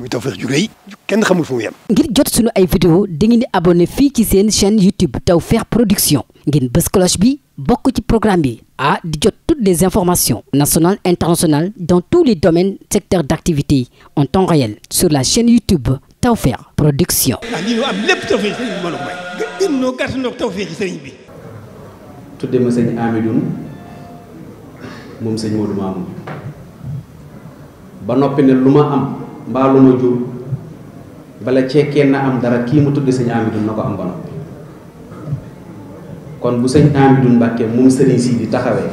muy Tawfekh ju rëy kenn xamul fu mu ngir jot sunu ay vidéo dangeen di abonné fii ci seen chaîne YouTube Tawfekh Production ngeen bës cloche bi bokk ci programme bi ah di jot toutes des informations national internationales dans tous les domaines secteurs d'activité en temps réel sur la chaîne YouTube Tawfekh Production. ah lii ñu am lépp Tawfekh sëriñ bi ma la may. gën gën ñoo gàtt ñoo Tawfekh sëriñ bi. tuddee ma sëñ Amidoune moom sëñ Modou lu mbaa ma jur bala cee na am dara kii mu tudd sëñ Amidou na ko am ba noppi kon bu sëñ Amidou Mbàkke moom sëriñ si di taxawee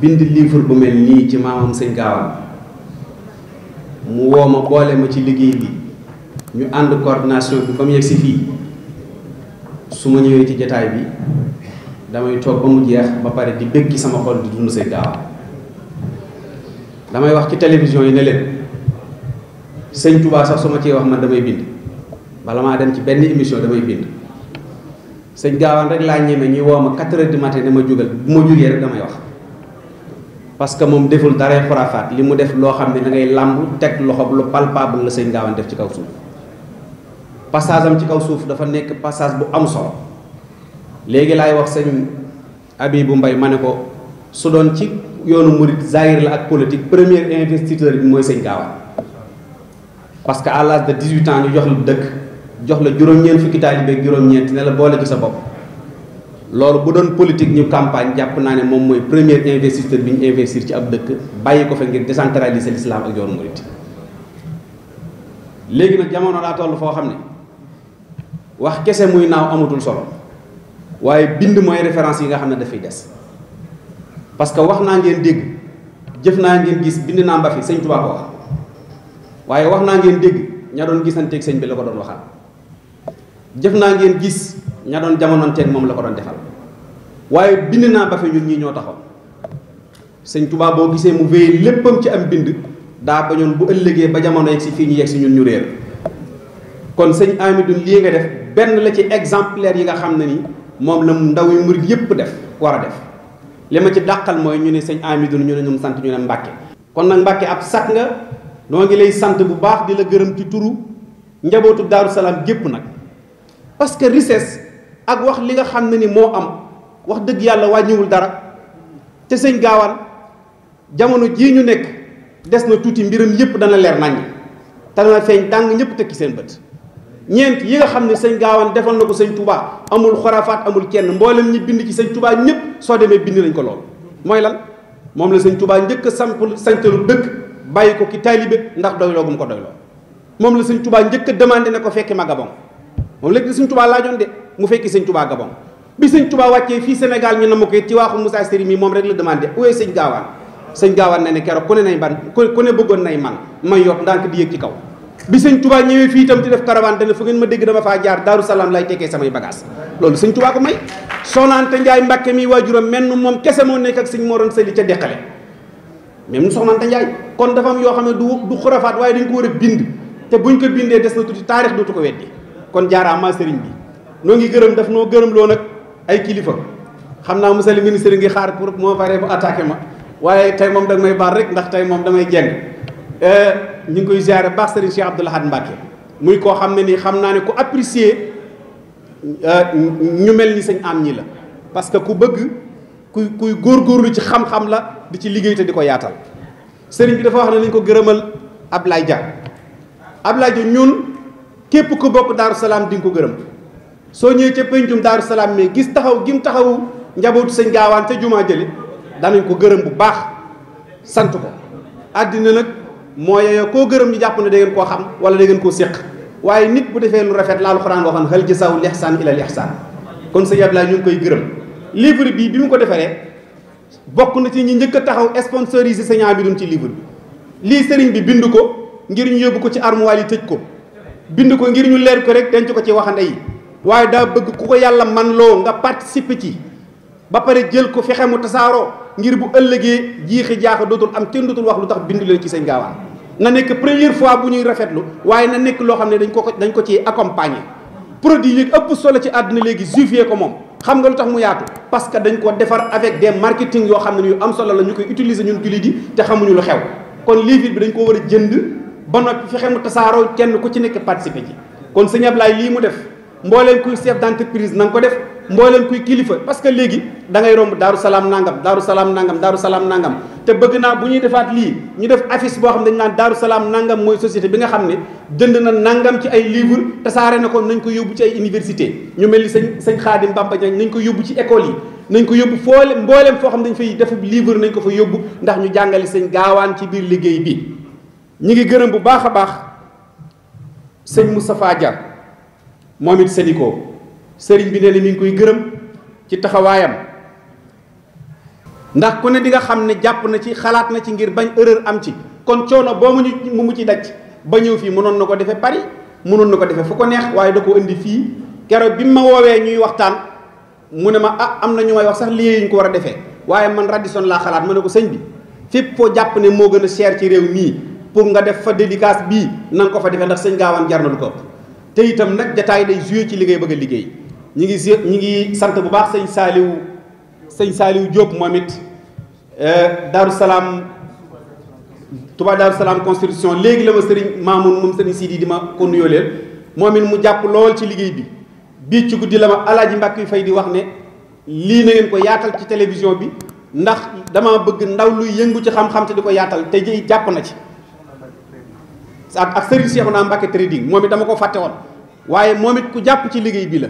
bind livre bu mel nii ci maamam sëñ gaawam mu woo ma boole ma ci liggéey bi ñu ànd coordination bi ba mu yegg si fii su ma ñëwee ci jataay bi damay toog ba mu jeex ba pare di bëgg ci sama xol di dund sëñ gaawam damay wax ci télévision yi ne leen sëñ Touba sax su ma cee wax man damay bind bala maa dem ci benn émission damay bind sëñ gaawaan rek laa ñeme ñu woo ma 4 heures du matin ne ma jógal bu ma jógee rek damay wax parce que moom deful dara xuraafaat li mu def loo xam ne da ngay làmb teg loxo lu palpable la sëñ gaawaan def ci kaw suuf passage am ci kaw suuf dafa nekk passage bu am solo léegi laay wax sëñ bu Mbay ma ne ko su doon ci yoonu murit zahir la ak politique premier investisseur bi mooy sëñ gaawaan parce que à l'âge de 18 ans ñu jox la dëkk jox la juróom-ñeent fukki taalibe ak juróom-ñeent ne la boole ci sa bopp loolu bu doon politique ñu campagne jàpp naa ne moom mooy premier investisseur bi ñu investir ci ab dëkk bàyyi ko fa ngir décentraliser l'islam ak yoonu murit léegi nag jamono daa toll foo xam ne wax kese muy naaw amatul solo waaye bind mooy référence yi nga xam ne dafay des parce que wax naa ngeen dégg jëf naa ngeen gis bind naa mbafi fi sëñ Tuubaa waaye wax naa ngeen dégg ña doon gisanteeg sëñ bi la ko doon waxal jëf naa ngeen gis ña doon jamononteeg moom la ko doon defal waaye bind naa ba fi ñun ñi ñoo taxaw sëñ Touba boo gisee mu wéy léppam ci am bind daa bañoon bu ëllëgee ba jamono yegg fii ñu yegg si ñun ñu réer kon sëñ Amidou lii nga def benn la ci exemplaire yi nga xam ne ni moom la mu ndaw yu murit yëpp def war a def li ma ci dàqal mooy ñu ne sëñ Amidou ñu ne ñoom sant ñu ne Mbàkke kon nag Mbàkke ab sat nga noo ngi lay sant bu baax di la gërëm ci turu njabootu Daaru Salaam gépp nag parce que richesse ak wax li nga xam ne ni moo am wax dëgg yàlla wàññiwul dara te sëñ gaawaan jamono jii ñu nekk des na tuuti mbiram yëpp dana leer naññ te dana feeñ dàng ñëpp tekki seen bët ñeent yi nga xam ne sëñ gaawaan defal na ko sëñ tubaa amul xorafaat amul kenn mboolem ñi bind ci sëñ tubaa ñëpp soo demee bind nañ ko loolu mooy lan moom la sëñ tubaa njëkk a sampul santalu dëkk bàyyi ko ki taalibe ndax doyloo gum ko doyloo moom la sëñ tubaa njëkk a demandé ko fekki ma Gabon moom léegi sëñ tubaa laajoon de mu fekki sëñ tubaa Gabon bi sëñ tubaa wàccee fii Sénégal ñu ne ma ko ci waaxu Moussa Seri mi moom rek la demandé oye sëñ gaawaan sëñ gaawaan ne ne keroog ku ne nay ban ku ne bëggoon nay man may yot ndànk di yëg ci kaw bi sëñ tubaa ñëwee fii itam di def caravane dana fu ngeen ma dégg dama faa jaar daaru salaam lay tekkee samay bagage loolu sëñ tubaa ko may soxnaante njaay mbàkke mi waajuram menn moom kese moo nekk ak sëñ moroon sëli ca deqale même soxnaante njaay kon dafa am yoo xam ne du du xurafaat waaye dañ ko war a te buñ ko bindee des na tuuti taarix dootu ko weddi kon jaaraama sëriñ bi noo ngi gërëm daf noo gërëm loo nag ay kilifa xam naa monsieur le ministre ngi xaar pour moo paree bu attaqué ma waaye tey moom da may baal rek ndax tey moom damay jeng eh, ñu ngi koy ziare baax sëriñ Cheikh Abdoul Ahad Mbacké muy koo xam ne nii xam naa ne ku apprécier eh, ñu mel ni sëñ am ñi la parce que ku bëgg kuy kuy góor góorgóorlu ci xam-xam la di ci liggéey te di ko yaatal sëriñ bi dafa wax ne nañ ko gërëmal ja ab Ablaye Dia ñun képp ku bokk Daaru Salaam di ko gërëm soo ñëwee ca pencum Daaru Salaam mais gis taxaw gi mu taxawu njabootu sëñ gaawaan ca jumaa jëli danañ ko gërëm bu baax sant ko àddina nag moo yeyoo koo gërëm ñu jàpp na da ngeen koo xam wala da ngeen koo séq waaye nit bu defee lu rafet la alxuraan waxoon hal jasaawul ihsaan ilal ihsaan kon sëñ Ablaye ñu ngi koy gërëm livre bii bi mu ko defaree bokk na ci ñi njëkk a taxaw sponsorisé sëñaa bi dun ci livre bi lii sëriñ bi bind ko ngir ñu yóbbu ko ci armoire yi tëj ko bind ko ngir ñu leer ko rek denc ko ci waxande yi waaye daa bëgg ku ko yàlla man loo nga participer ci ba pare jël ko fexe mu tasaaroo ngir bu ëllëgee jiixi jaaxa dootul am kenn dootul wax lu tax bind leen ci sëñ gaawaan na nekk première fois bu ñuy rafetlu waaye na nekk loo xam ne dañ ko dañ ko ci accompagner produit yi ëpp solo ci àdduna léegi juvier ko moom xam nga lu tax mu yaatu parce que dañ ko defar avec des marketing yoo xam ne yu am solo lañu ñu koy utiliser ñun jullit yi te xamuñu lu xew kon livre bi dañ ko war a jënd ba noppi fexe mu tasaaroo kenn ku ci nekk participer ci kon sëñ Ablaye lii mu def mboolee kuy chef d'entreprise na ko def mboolem kuy kilifa parce que léegi dangay romb daaru salaam nangam daaru salaam nangam daaru salaam nangam te bëgg naa bu ñuy defaat lii ñu def affiche boo xam ne dañ naan daaru salaam nangam mooy société bi nga xam ne jënd na nangam ci ay livre tasaare na ko nañ ko yóbbu ci ay université ñu mel ni sëñ sëñ xaadim Bamba Diagne nañ ko yóbbu ci école yi nañ ko yóbbu foole mbooleem foo xam ne dañ fay def livre nañ ko fa yóbbu ndax ñu jàngale sëñ gaawaan ci biir liggéey bi ñu ngi gërëm bu baax a baax sëñ Moustapha Dia moom it Sénico sëriñ bi ne la mi koy gërëm ci taxawaayam ndax ku ne di nga xam ne jàpp na ci xalaat na ci ngir bañ erreur am ci kon coono boo mu ñu mu mu ci daj ba ñëw fii mënoon na ko defee Paris mënoon na ko defee fu ko neex waaye da ko indi fii keroog bi ma woowee ñuy waxtaan mu ne ma ah am na ñu may wax sax lii ko war a defee waaye man Radisson laa xalaat ma ne ko sëñ bi fépp foo jàpp ne moo gën a cher ci réew mii pour nga def fa dédicace bii na ko fa defee ndax sëñ gaawaan jar na ko te itam nag jataay day joué ci li bëgg liggéey ñi ngi seet ñu ngi sant bu baax sëñ saaliw sëñ saaliw Diop moom it eh, daaru salaam Touba daaru salaam constitution léegi la ma sëriñ Maamoun moom sëriñ Sidi di ma ko nuyoo leen moom it mu jàpp lool ci liggéey bi bii ci guddi la ma alaaji mbàkk fay di wax ne lii na ngeen ko yaatal ci télévision bi ndax dama bëgg ndaw luy yëngu ci xam-xam te di ko yaatal te ji jàpp na ci ak sëriñ Cheikhouna Mbacké trading moom it dama ko fàtte woon waaye moom it ku jàpp ci liggéey bi la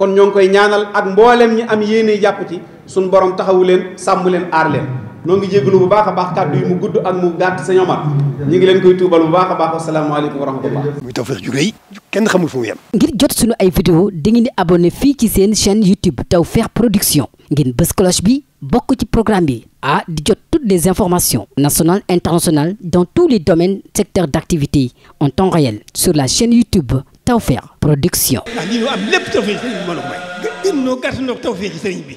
kon ñoo ngi koy ñaanal ak mboolem ñi am yéene jàpp ci suñu borom taxawu leen sàmm leen aar leen noo ngi jégalu bu baax a baax kàddu yi mu gudd ak mu gàtt sa ñoomat ñu ngi leen koy tuubal bu baax a baax asalaamaaleykum wa rahmatullah muy Tawfekh ju rëy kenn xamul fu mu ngir jot suñu ay vidéo di ngeen di abonné fii ci seen chaîne YouTube Tawfekh Production ngeen bës cloche bi bokk ci programme bi ah di jot toutes les informations national internationales dans tous les domaines secteurs d'activité en temps réel sur la chaîne YouTube Tawfekh Production. ndax ah, lii am lépp tawfeex sëriñ bi mën a may. gën noo gàtt noo tawfeex sëriñ bi.